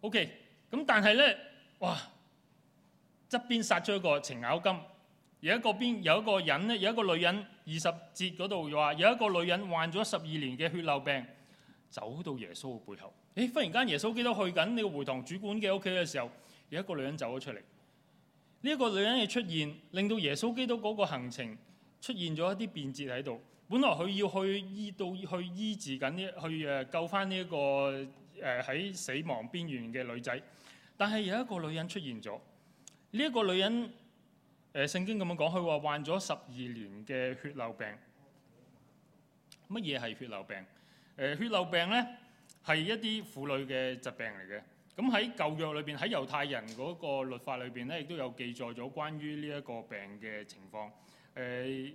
OK，咁但係呢，哇側邊殺出一個程咬金，有一個邊有一個人咧，有一個女人二十節嗰度話有一個女人患咗十二年嘅血漏病，走到耶穌嘅背後。誒、欸，忽然間耶穌基督去緊呢個會堂主管嘅屋企嘅時候，有一個女人走咗出嚟。呢、這、一個女人嘅出現，令到耶穌基督嗰個行程出現咗一啲變節喺度。本來佢要去醫到去醫治緊呢，去誒救翻呢一個誒喺、呃、死亡邊緣嘅女仔，但係有一個女人出現咗。呢、這、一個女人誒聖、呃、經咁樣講，佢話患咗十二年嘅血漏病。乜嘢係血漏病？誒、呃、血漏病咧係一啲婦女嘅疾病嚟嘅。咁喺舊約裏邊，喺猶太人嗰個律法裏邊咧，亦都有記載咗關於呢一個病嘅情況。誒、呃。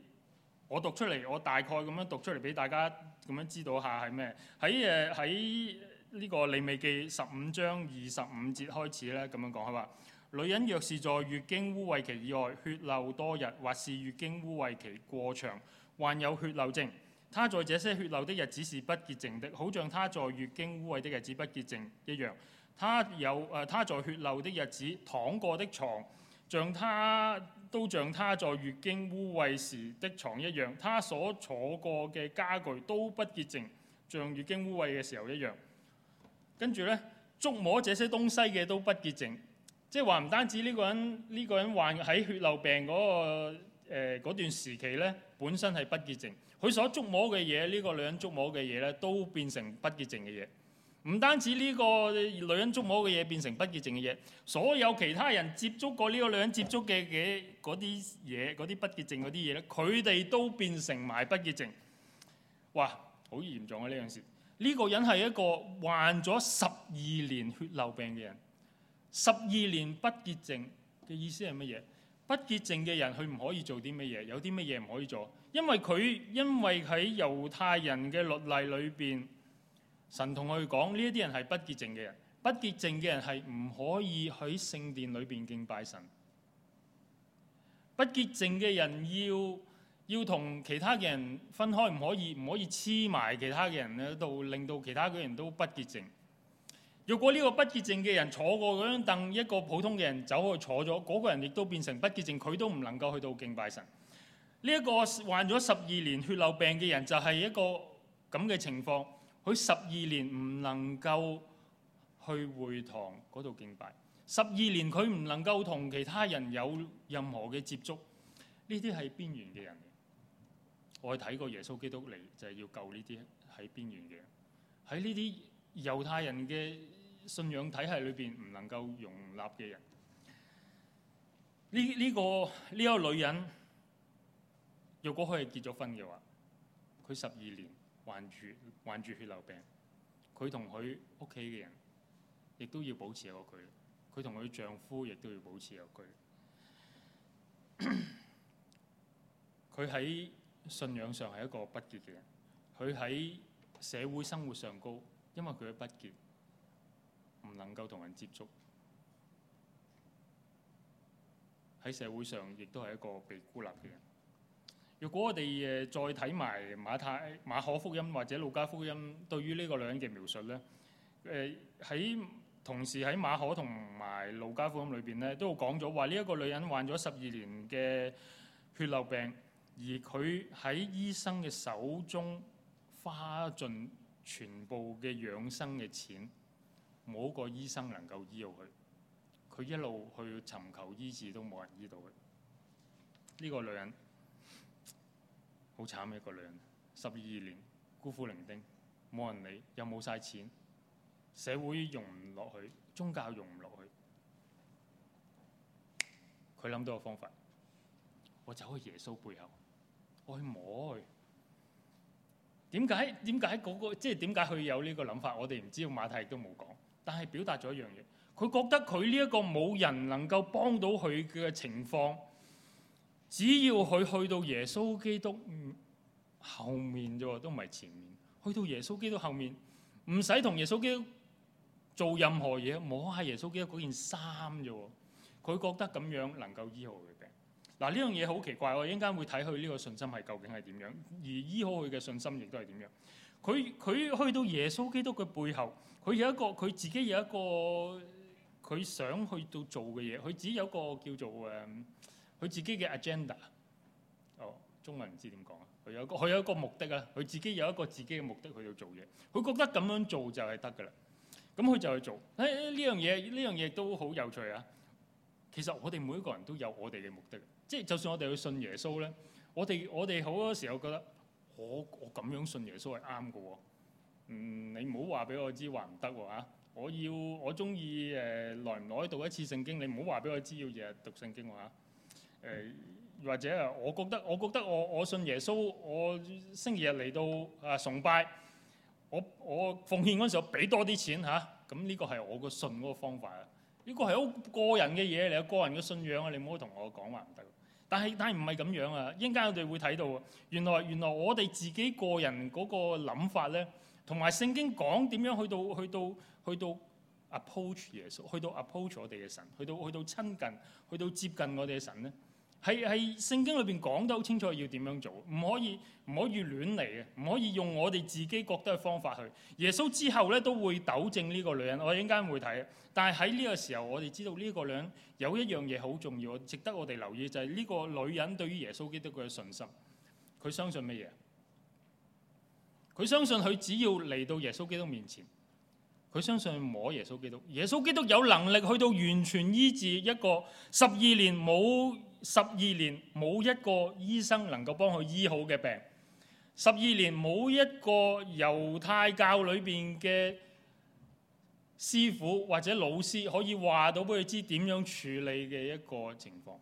我讀出嚟，我大概咁樣讀出嚟俾大家咁樣知道一下係咩？喺誒喺呢個利未記十五章二十五節開始咧，咁樣講係嘛？女人若是在月經污穢期以外血漏多日，或是月經污穢期過長，患有血漏症，她在這些血漏的日子是不潔淨的，好像她在月經污穢的日子不潔淨一樣。她有誒她在血漏的日子躺過的床，像她，都像他在月經污穢時的床一樣，他所坐過嘅家具都不潔淨，像月經污穢嘅時候一樣。跟住呢，觸摸這些東西嘅都不潔淨，即係話唔單止呢個人呢個人患喺血漏病嗰個誒段時期呢，本身係不潔淨，佢所觸摸嘅嘢，呢個女人觸摸嘅嘢呢，都變成不潔淨嘅嘢。唔單止呢個女人觸摸嘅嘢變成不潔症嘅嘢，所有其他人接觸過呢個女人接觸嘅嘅嗰啲嘢、嗰啲不潔症嗰啲嘢咧，佢哋都變成埋不潔症。哇，好嚴重啊！呢樣事，呢個人係一個患咗十二年血漏病嘅人，十二年不潔症嘅意思係乜嘢？不潔症嘅人佢唔可以做啲乜嘢？有啲乜嘢唔可以做？因為佢因為喺猶太人嘅律例裏邊。神同佢講：呢一啲人係不潔淨嘅人，不潔淨嘅人係唔可以喺聖殿裏邊敬拜神。不潔淨嘅人要要同其他嘅人分開，唔可以唔可以黐埋其他嘅人喺度，令到其他嘅人都不潔淨。如果呢個不潔淨嘅人坐過嗰張凳，一個普通嘅人走去坐咗，嗰個人亦都變成不潔淨，佢都唔能夠去到敬拜神。呢一個患咗十二年血漏病嘅人，就係一個咁嘅情況。佢十二年唔能夠去會堂嗰度敬拜，十二年佢唔能夠同其他人有任何嘅接觸，呢啲係邊緣嘅人。我係睇過耶穌基督嚟就係要救呢啲喺邊緣嘅人，喺呢啲猶太人嘅信仰體系裏邊唔能夠容納嘅人。呢呢、呢個呢一、呢個、女人，若果佢係結咗婚嘅話，佢十二年，患住患住血流病，佢同佢屋企嘅人亦都要保持一個距離。佢同佢丈夫亦都要保持一個距離。佢喺信仰上係一個不潔嘅人，佢喺社會生活上高，因為佢嘅不潔，唔能夠同人接觸。喺社會上亦都係一個被孤立嘅人。如果我哋誒再睇埋馬太、馬可福音或者路加福音對於呢個女人嘅描述呢，誒喺、呃、同時喺馬可同埋路加福音裏邊呢，都講咗話呢一個女人患咗十二年嘅血漏病，而佢喺醫生嘅手中花盡全部嘅養生嘅錢，冇一個醫生能夠醫好佢，佢一路去尋求醫治都冇人醫到佢。呢、呢個女人。好慘一個女人，十二年孤苦伶仃，冇人理，又冇晒錢，社會容唔落去，宗教容唔落去，佢諗到個方法，我走去耶穌背後，我去摸佢。點解？點解嗰個即係點解佢有呢個諗法？我哋唔知道，馬太亦都冇講，但係表達咗一樣嘢，佢覺得佢呢一個冇人能夠幫到佢嘅情況。只要佢去到耶穌基督後面啫喎，都唔係前面。去到耶穌基督後面，唔使同耶穌基督做任何嘢，摸下耶穌基督嗰件衫啫喎。佢覺得咁樣能夠醫好佢病。嗱，呢樣嘢好奇怪喎，一陣間會睇佢呢個信心係究竟係點樣，而醫好佢嘅信心亦都係點樣。佢，佢去到耶穌基督嘅背後，佢有一個佢自己有一個佢想去到做嘅嘢，佢自己有個叫做誒。佢自己嘅 agenda，哦，中文唔知點講啊。佢有個佢有一個目的啊。佢自己有一個自己嘅目的去度做嘢。佢覺得咁樣做就係得噶啦，咁佢就去做。誒，呢樣嘢呢樣嘢都好有趣啊。其實我哋每一個人都有我哋嘅目的，即係就算我哋去信耶穌咧，我哋我哋好多時候覺得我我咁樣信耶穌係啱噶喎。嗯，你唔好話俾我知話唔得啊！我要我中意誒，來唔來讀一次聖經，你唔好話俾我知要日日讀聖經喎嚇。誒、呃、或者啊，我覺得我覺得我我信耶穌，我星期日嚟到啊崇拜，我我奉獻嗰時候就俾多啲錢嚇，咁、啊、呢、嗯這個係我個信嗰個方法啊，呢、這個係好個人嘅嘢嚟，個人嘅信仰啊，你唔好同我講話唔得。但係但係唔係咁樣啊，一陣間我哋會睇到喎，原來原來我哋自己個人嗰個諗法咧，同埋聖經講點樣去到去到去到。去到 approach 耶穌，去到 approach 我哋嘅神，去到去到親近，去到接近我哋嘅神咧，係係聖經裏邊講得好清楚要點樣做，唔可以唔可以亂嚟嘅，唔可以用我哋自己覺得嘅方法去。耶穌之後咧都會糾正呢個女人，我一陣間會睇。但係喺呢個時候，我哋知道呢個女人有一樣嘢好重要，值得我哋留意就係、是、呢個女人對於耶穌基督嘅信心。佢相信乜嘢？佢相信佢只要嚟到耶穌基督面前。佢相信摸耶穌基督，耶穌基督有能力去到完全醫治一個十二年冇，十二年冇一個醫生能夠幫佢醫好嘅病，十二年冇一個猶太教裏邊嘅師傅或者老師可以話到俾佢知點樣處理嘅一個情況。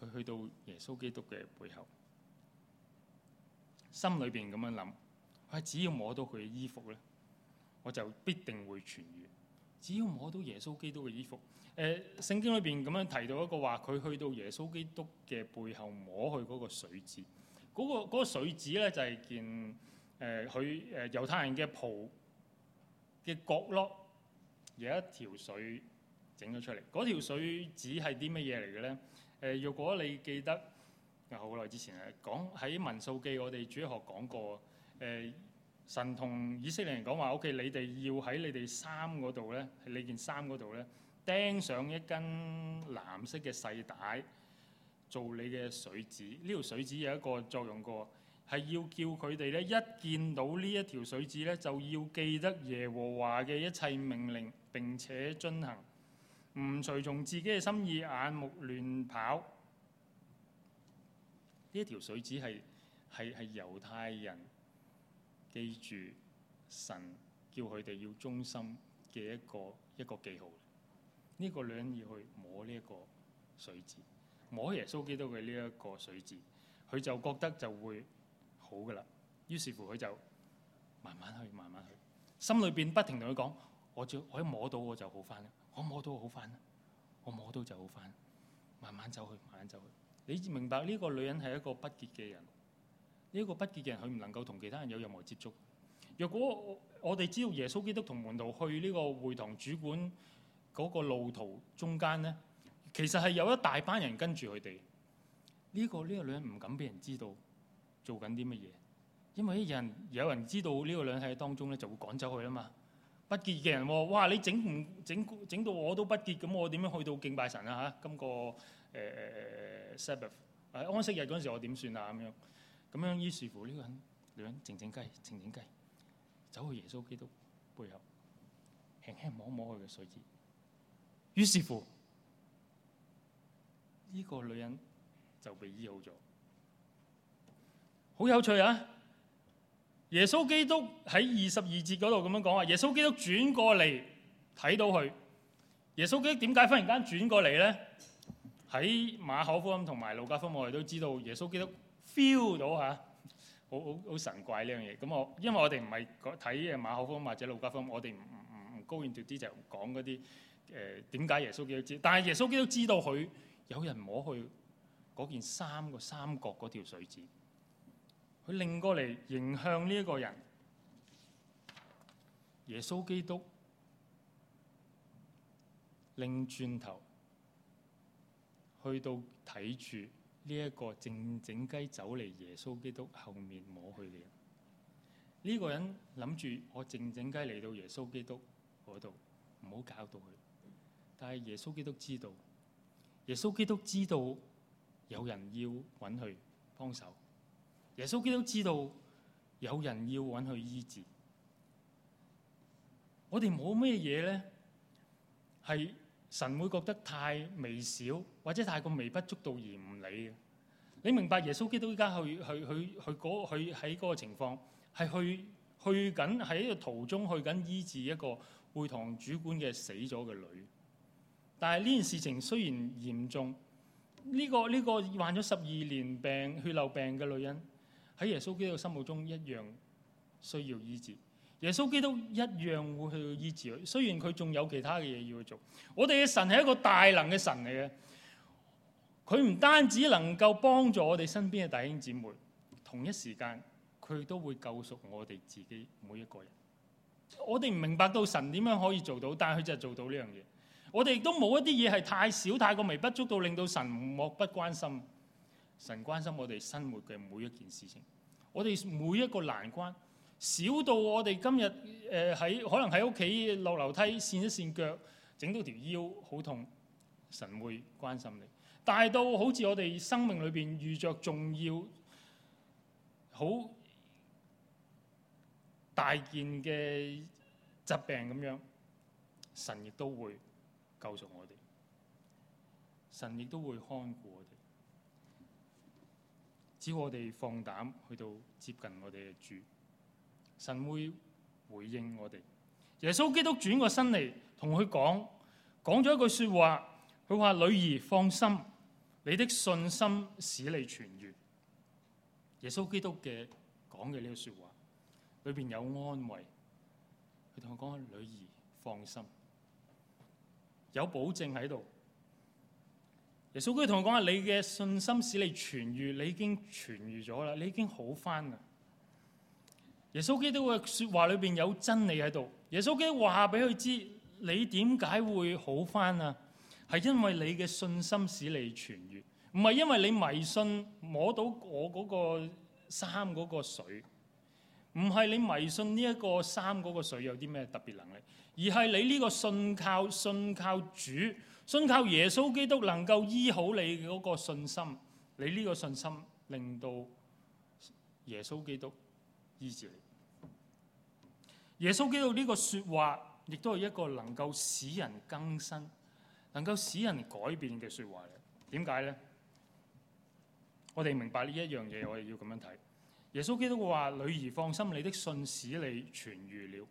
佢去到耶穌基督嘅背後，心裏邊咁樣諗。係，只要摸到佢嘅衣服咧，我就必定會痊愈。只要摸到耶穌基督嘅衣服，誒聖經裏邊咁樣提到一個話，佢去到耶穌基督嘅背後摸去嗰個水紙，嗰、嗰個那個水紙咧就係件誒佢誒猶太人嘅袍嘅角落有一條水整咗出嚟。嗰條水紙係啲乜嘢嚟嘅咧？誒、呃，若果你記得好耐之前誒講喺民數記，我哋主日學講過。誒神同以色列人講話：OK，你哋要喺你哋衫嗰度咧，係你件衫嗰度咧，釘上一根藍色嘅細帶，做你嘅水紙。呢條水紙有一個作用㗎，係要叫佢哋咧一見到呢一條水紙咧，就要記得耶和華嘅一切命令，並且遵行，唔隨從自己嘅心意，眼目亂跑。呢一條水紙係係係猶太人。記住，神叫佢哋要忠心嘅一個一個記號。呢個女人要去摸呢一個水字，摸耶穌基督嘅呢一個水字，佢就覺得就會好㗎喇。於是乎佢就慢慢去，慢慢去，心裏邊不停同佢講：我最我一摸到我就好返啦，我摸到好返啦，我摸到就好返。慢慢走去，慢慢走去。你明白呢個女人係一個不潔嘅人。呢、這個個不潔嘅人，佢唔能夠同其他人有任何接觸。若果我哋知道耶穌基督同門徒去呢個會堂主管嗰個路途中間咧，其實係有一大班人跟住佢哋。呢、這個呢、這個女人唔敢俾人知道做緊啲乜嘢，因為人有人知道呢個女人喺當中咧，就會趕走佢啦嘛。不潔嘅人喎，哇！你整唔整整到我都不潔咁，我點樣去到敬拜神啊？嚇、這個，今個 Sabbath 安息日嗰陣時，我點算啊？咁樣於是乎呢個人女人靜靜雞靜靜雞，走去耶穌基督背後，輕輕摸摸佢嘅繸子。於是乎呢個女人就被醫好咗。好有趣啊！耶穌基督喺二十二節嗰度咁樣講話，耶穌基督轉過嚟睇到佢。耶穌基督點解忽然間轉過嚟咧？喺馬可福音同埋路加福音，我哋都知道耶穌基督。feel 到吓，好好好神怪呢樣嘢。咁我因為我哋唔係睇馬可福音或者路加福音，我哋唔唔唔高遠啲就講嗰啲誒，點解耶穌基督知。但係、呃、耶穌基督知道佢有人摸去嗰件三個三角嗰條水漬，佢擰過嚟迎向呢一個人。耶穌基督擰轉頭去到睇住。呢一個靜靜雞走嚟耶穌基督後面摸去嘅人，呢個人諗住我靜靜雞嚟到耶穌基督嗰度唔好搞到佢，但係耶穌基督知道，耶穌基督知道有人要揾佢幫手，耶穌基督知道有人要揾佢醫治，我哋冇咩嘢咧，係神會覺得太微小，或者太過微不足道而唔理嘅，你明白？耶穌基督依家去去去去嗰去喺嗰個情況係去去緊喺呢個途中去緊醫治一個會堂主管嘅死咗嘅女。但係呢件事情雖然嚴重，呢個呢個患咗十二年病血漏病嘅女人喺耶穌基督心目中一樣需要醫治。耶穌基督一樣會去醫治佢，雖然佢仲有其他嘅嘢要去做。我哋嘅神係一個大能嘅神嚟嘅。佢唔單止能夠幫助我哋身邊嘅弟兄姊妹，同一時間，佢都會救贖我哋自己每一個人。我哋唔明白到神點樣可以做到，但係佢就係做到呢樣嘢。我哋亦都冇一啲嘢係太少，太過微不足道，令到神漠不，不關心。神關心我哋生活嘅每一件事情，我哋每一個難關，少到我哋今日誒喺可能喺屋企落樓梯跣一跣腳，整到條腰好痛，神會關心你。大到好似我哋生命裏邊遇着，重要好大件嘅疾病咁樣，神亦都會救助我哋，神亦都會看顧我哋，只要我哋放膽去到接近我哋嘅主，神會回應我哋。耶穌基督轉個身嚟，同佢講，講咗一句說話。佢話：女兒放心，你的信心使你痊愈。耶穌基督嘅講嘅呢個説話裏邊有安慰。佢同我講：「女兒放心，有保證喺度。」耶穌基督同我講：「你嘅信心使你痊愈，你已經痊愈咗啦，你已經好返啦。」耶穌基督嘅説話裏邊有真理喺度。耶穌基督話俾佢知，你點解會好返啊？係因為你嘅信心使你痊愈，唔係因為你迷信摸到我嗰個衫嗰個水，唔係你迷信呢一個衫嗰個水有啲咩特別能力，而係你呢個信靠信靠主，信靠耶穌基督能夠醫好你嗰個信心。你呢個信心令到耶穌基督醫治你。耶穌基督呢個説話亦都係一個能夠使人更新。能夠使人改變嘅説話咧，點解咧？我哋明白呢一樣嘢，我哋要咁樣睇。耶穌基督話：「女兒放心，你的信使你痊愈了。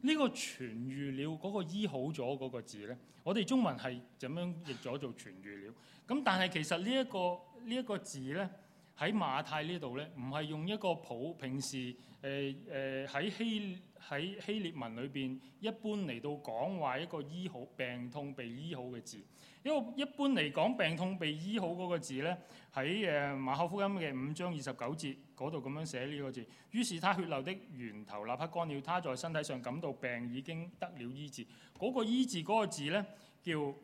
呢、這個痊愈了嗰個醫好咗嗰個字咧，我哋中文係點樣譯咗做痊愈了？咁但係其實呢、這、一個呢一、這個字咧，喺馬太呢度咧，唔係用一個普平時誒誒喺希喺希臘文裏邊，一般嚟到講話一個醫好病痛被醫好嘅字，因為一般嚟講病痛被醫好嗰個字呢，喺誒馬可福音嘅五章二十九節嗰度咁樣寫呢個字。於是他血流的源頭立刻乾了，他在身體上感到病已經得了醫治。嗰個醫治嗰個字呢，叫誒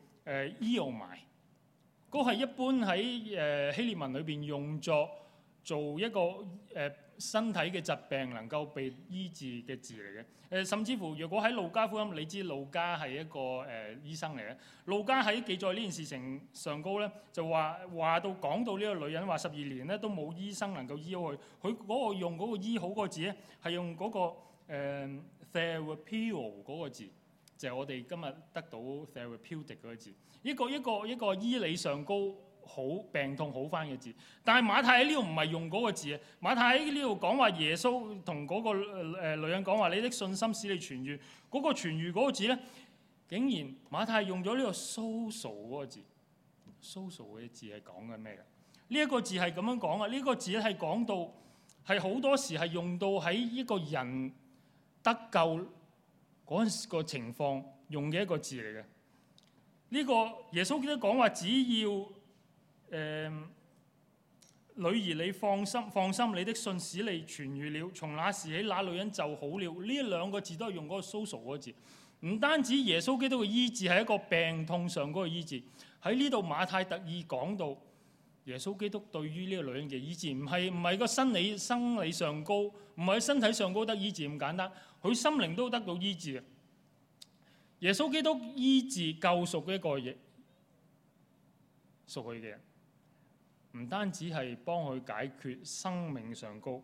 eumai，嗰係一般喺誒希臘文裏邊用作做一個誒。身體嘅疾病能夠被醫治嘅字嚟嘅，誒、呃、甚至乎若果喺《路加福音》，你知路加係一個誒、呃、醫生嚟嘅，路加喺記載呢件事情上高咧，就話話到講到呢個女人話十二年咧都冇醫生能夠醫好佢，佢嗰、那個用嗰個醫好嗰、那個字咧，係用嗰個誒《therapy》嗰個字，就係、是、我哋今日得到《therapeutic》嗰個字，一個一個一個，一個醫理上高。好病痛好返嘅字，但係馬太喺呢度唔係用嗰個字，馬太喺呢度講話耶穌同嗰個誒女人講話，你的信心使你痊愈，嗰、那個痊愈嗰個字咧，竟然馬太用咗呢個 sozo 嗰個字 sozo 嘅字係講緊咩嘅？呢、這、一個字係咁樣講啊，呢個字係講到係好多時係用到喺一個人得救嗰陣時嗰個情況用嘅一個字嚟嘅。呢、這個耶穌基督講話只要誒、呃，女兒你放心，放心，你的信使你痊愈了。從那時起，那女人就好了。呢兩個字都係用嗰個蘇熟嗰個字，唔單止耶穌基督嘅醫治係一個病痛上嗰個醫治，喺呢度馬太特意講到耶穌基督對於呢個女人嘅醫治，唔係唔係個生理生理上高，唔係身體上高得醫治咁簡單，佢心靈都得到醫治。耶穌基督醫治救贖嘅一個屬佢嘅人。唔單止係幫佢解決生命上高，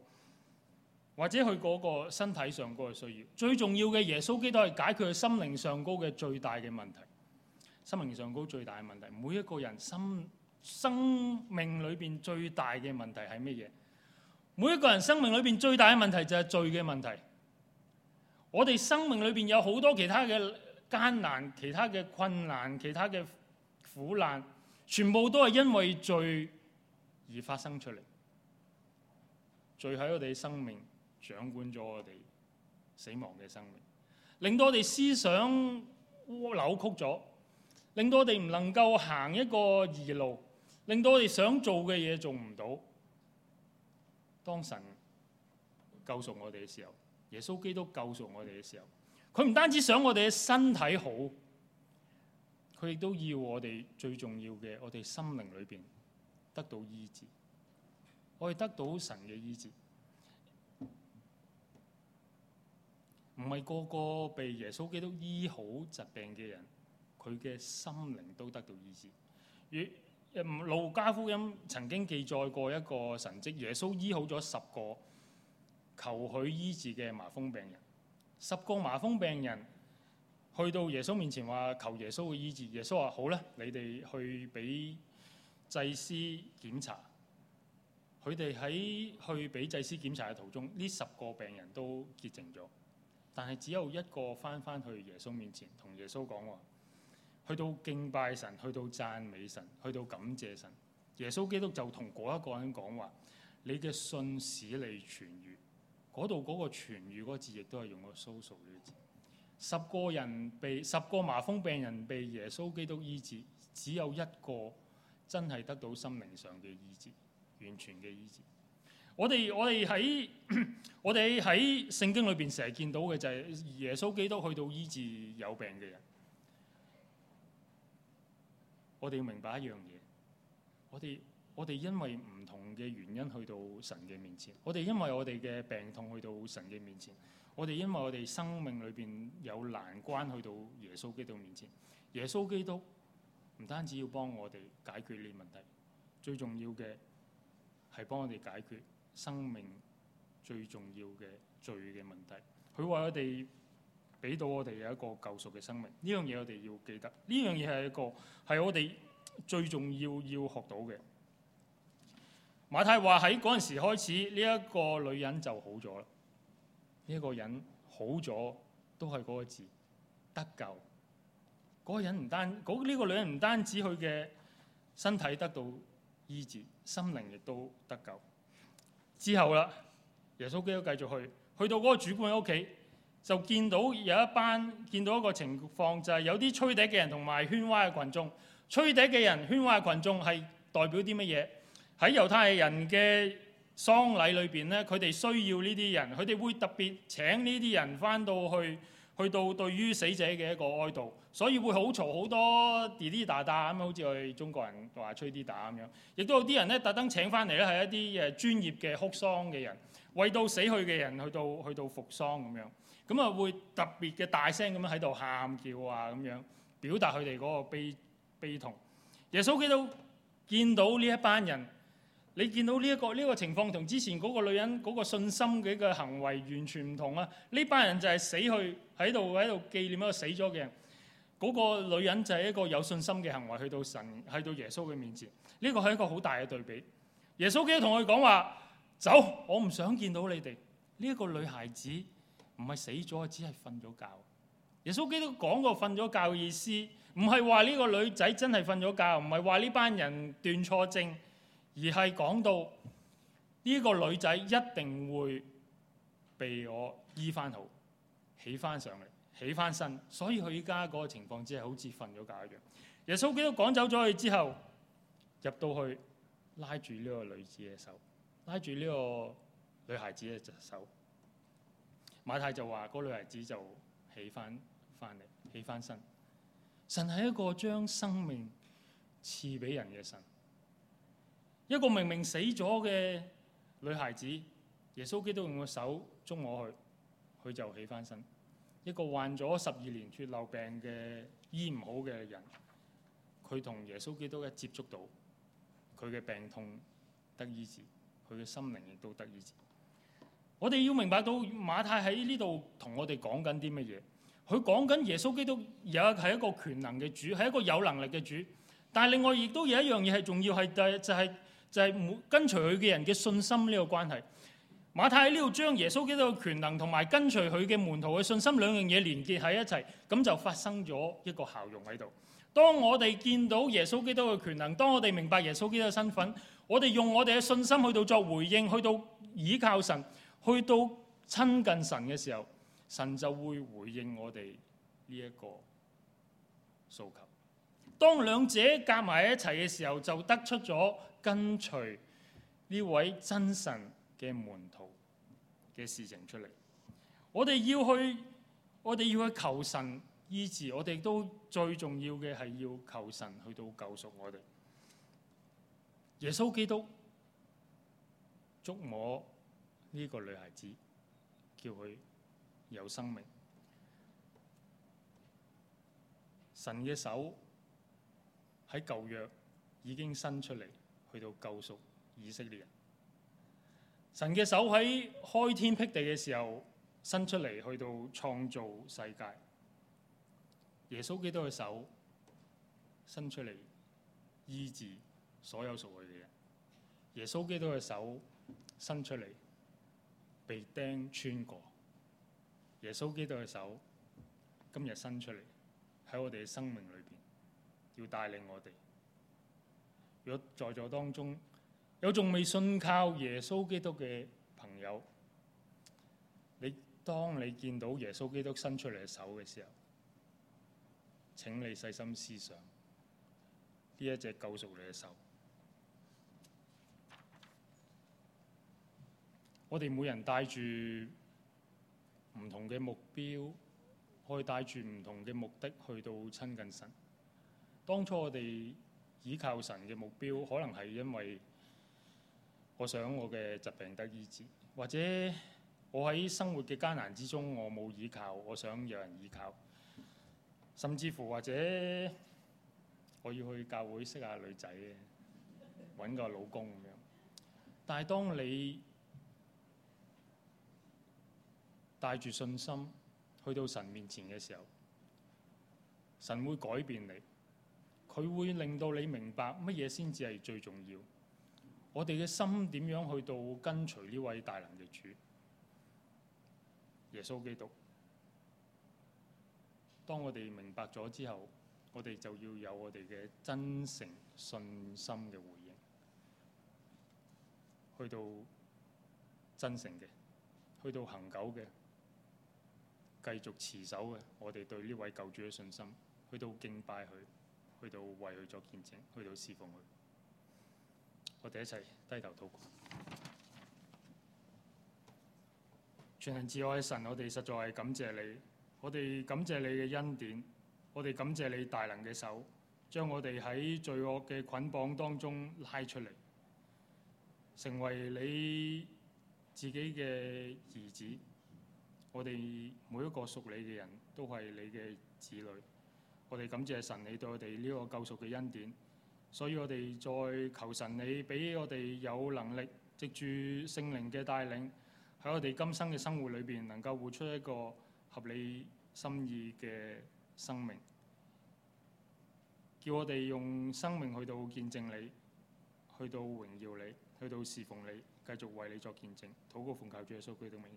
或者佢嗰個身體上高嘅需要，最重要嘅耶穌基督係解決佢心靈上高嘅最大嘅問題。心靈上高最大嘅問題，每一個人生生命裏面最大嘅問題係乜嘢？每一個人生命裏面最大嘅問題就係罪嘅問題。我哋生命裏面有好多其他嘅艱難、其他嘅困難、其他嘅苦難，全部都係因為罪。而發生出嚟，罪喺我哋生命掌管咗我哋死亡嘅生命，令到我哋思想扭曲咗，令到我哋唔能夠行一個義路，令到我哋想做嘅嘢，做唔到。當神救贖我哋嘅時候，耶穌基督救贖我哋嘅時候，佢唔單止想我哋嘅身體好，佢亦都要我哋最重要嘅我哋心靈裏面。得到醫治，我哋得到神嘅醫治，唔係個個被耶穌基督醫好疾病嘅人，佢嘅心靈都得到醫治。如《路加福音》曾經記載過一個神蹟，耶穌醫好咗十個求佢醫治嘅麻風病人。十個麻風病人去到耶穌面前話求耶穌嘅醫治，耶穌話好咧，你哋去俾祭司檢查，佢哋喺去俾祭司檢查嘅途中，呢十個病人都潔淨咗，但係只有一個返返去耶穌面前，同耶穌講話，去到敬拜神，去到讚美神，去到感謝神。耶穌基督就同嗰一個人講話：你嘅信使你痊愈。嗰度嗰個痊愈嗰字，亦都係用個 sozo 嘅字。十個人被十個麻風病人被耶穌基督醫治，只有一個。真係得到心靈上嘅醫治，完全嘅醫治。我哋我哋喺 (coughs) 我哋喺聖經裏邊成日見到嘅就係耶穌基督去到醫治有病嘅人。我哋要明白一樣嘢，我哋我哋因為唔同嘅原因去到神嘅面前，我哋因為我哋嘅病痛去到神嘅面前，我哋因為我哋生命裏邊有難關去到耶穌基督面前。耶穌基督。唔單止要幫我哋解決呢個問題，最重要嘅係幫我哋解決生命最重要嘅罪嘅問題。佢話我哋俾到我哋有一個救贖嘅生命，呢樣嘢我哋要記得。呢樣嘢係一個係我哋最重要要學到嘅。馬太話喺嗰陣時開始，呢一個女人就好咗啦。呢一個人好咗都係嗰個字得救。嗰個人唔單呢、呢個女人唔單止佢嘅身體得到醫治，心靈亦都得救。之後啦，耶穌基督繼續去，去到嗰個主管屋企，就見到有一班見到一個情況，就係、是、有啲吹笛嘅人同埋喧嘩嘅群眾。吹笛嘅人，喧嘩嘅群眾係代表啲乜嘢？喺猶太人嘅喪禮裏邊呢，佢哋需要呢啲人，佢哋會特別請呢啲人返到去。去到對於死者嘅一個哀悼，所以會好嘈，好多滴滴答答，咁，好似我哋中國人話吹嘀打咁樣。亦都有啲人咧特登請返嚟咧係一啲誒專業嘅哭喪嘅人，為到死去嘅人去到去到服喪咁樣。咁啊會特別嘅大聲咁樣喺度喊叫啊咁樣，表達佢哋嗰個悲悲痛。耶穌基督見到呢一班人，你見到呢一個呢個情況同之前嗰個女人嗰個信心嘅一個行為完全唔同啊！呢班人就係死去。喺度喺度紀念一個死咗嘅人，嗰個女人就係一個有信心嘅行為，去到神，去到耶穌嘅面前。呢個係一個好大嘅對比。耶穌基督同佢講話：走，我唔想見到你哋。呢一個女孩子唔係死咗，只係瞓咗覺。耶穌基督講過瞓咗覺嘅意思，唔係話呢個女仔真係瞓咗覺，唔係話呢班人斷錯症，而係講到呢個女仔一定會被我醫翻好。起翻上嚟，起翻身，所以佢依家嗰個情況只係好似瞓咗覺一樣。耶穌基督趕走咗佢之後，入到去拉住呢個女子嘅手，拉住呢個女孩子嘅隻手。馬太就話個女孩子就起翻翻嚟，起翻身。神係一個將生命賜俾人嘅神，一個明明死咗嘅女孩子，耶穌基督用個手捉我去。佢就起翻身，一個患咗十二年血漏病嘅醫唔好嘅人，佢同耶穌基督一接觸到，佢嘅病痛得醫治，佢嘅心靈亦都得醫治。我哋要明白到馬太喺呢度同我哋講緊啲乜嘢？佢講緊耶穌基督而家係一個全能嘅主，係一個有能力嘅主。但係另外亦都有一樣嘢係重要，係就係就係跟隨佢嘅人嘅信心呢個關係。馬太喺呢度將耶穌基督嘅權能同埋跟隨佢嘅門徒嘅信心兩樣嘢連結喺一齊，咁就發生咗一個效用喺度。當我哋見到耶穌基督嘅權能，當我哋明白耶穌基督嘅身份，我哋用我哋嘅信心去到作回應，去到倚靠神，去到親近神嘅時候，神就會回應我哋呢一個訴求。當兩者夾埋一齊嘅時候，就得出咗跟隨呢位真神嘅門徒嘅事情出嚟，我哋要去，我哋要去求神醫治，我哋都最重要嘅係要求神去到救贖我哋。耶穌基督觸摸呢個女孩子，叫佢有生命。神嘅手喺舊約已經伸出嚟，去到救贖以色列人。神嘅手喺開天闢地嘅時候伸出嚟，去到創造世界。耶穌基督嘅手伸出嚟，醫治所有屬佢嘅人。耶穌基督嘅手伸出嚟，被釘穿過。耶穌基督嘅手今日伸出嚟，喺我哋嘅生命裏面要帶領我哋。如果在座當中，有仲未信靠耶穌基督嘅朋友，你當你見到耶穌基督伸出嚟嘅手嘅時候，請你細心思想呢一隻救贖你嘅手。我哋每人帶住唔同嘅目標，可以帶住唔同嘅目的去到親近神。當初我哋倚靠神嘅目標，可能係因為，我想我嘅疾病得醫治，或者我喺生活嘅艱難之中，我冇依靠，我想有人依靠，甚至乎或者我要去教會識下女仔，搵個老公咁樣。但係當你帶住信心去到神面前嘅時候，神會改變你，佢會令到你明白乜嘢先至係最重要。我哋嘅心點樣去到跟隨呢位大能嘅主耶穌基督？當我哋明白咗之後，我哋就要有我哋嘅真誠信心嘅回應，去到真誠嘅，去到恒久嘅，繼續持守嘅我哋對呢位救主嘅信心，去到敬拜佢，去到為佢作見證，去到侍奉佢。我哋一齊低頭禱告。全能至愛神，我哋實在係感謝你。我哋感謝你嘅恩典，我哋感謝你大能嘅手，將我哋喺罪惡嘅捆綁當中拉出嚟，成為你自己嘅兒子。我哋每一個屬你嘅人都係你嘅子女。我哋感謝神，你對我哋呢個救贖嘅恩典。所以我哋再求神，你俾我哋有能力，藉住聖靈嘅帶領，喺我哋今生嘅生活裏邊能夠活出一個合你心意嘅生命，叫我哋用生命去到見證你，去到榮耀你，去到侍奉你，繼續為你作見證。禱告奉教主嘅數據同埋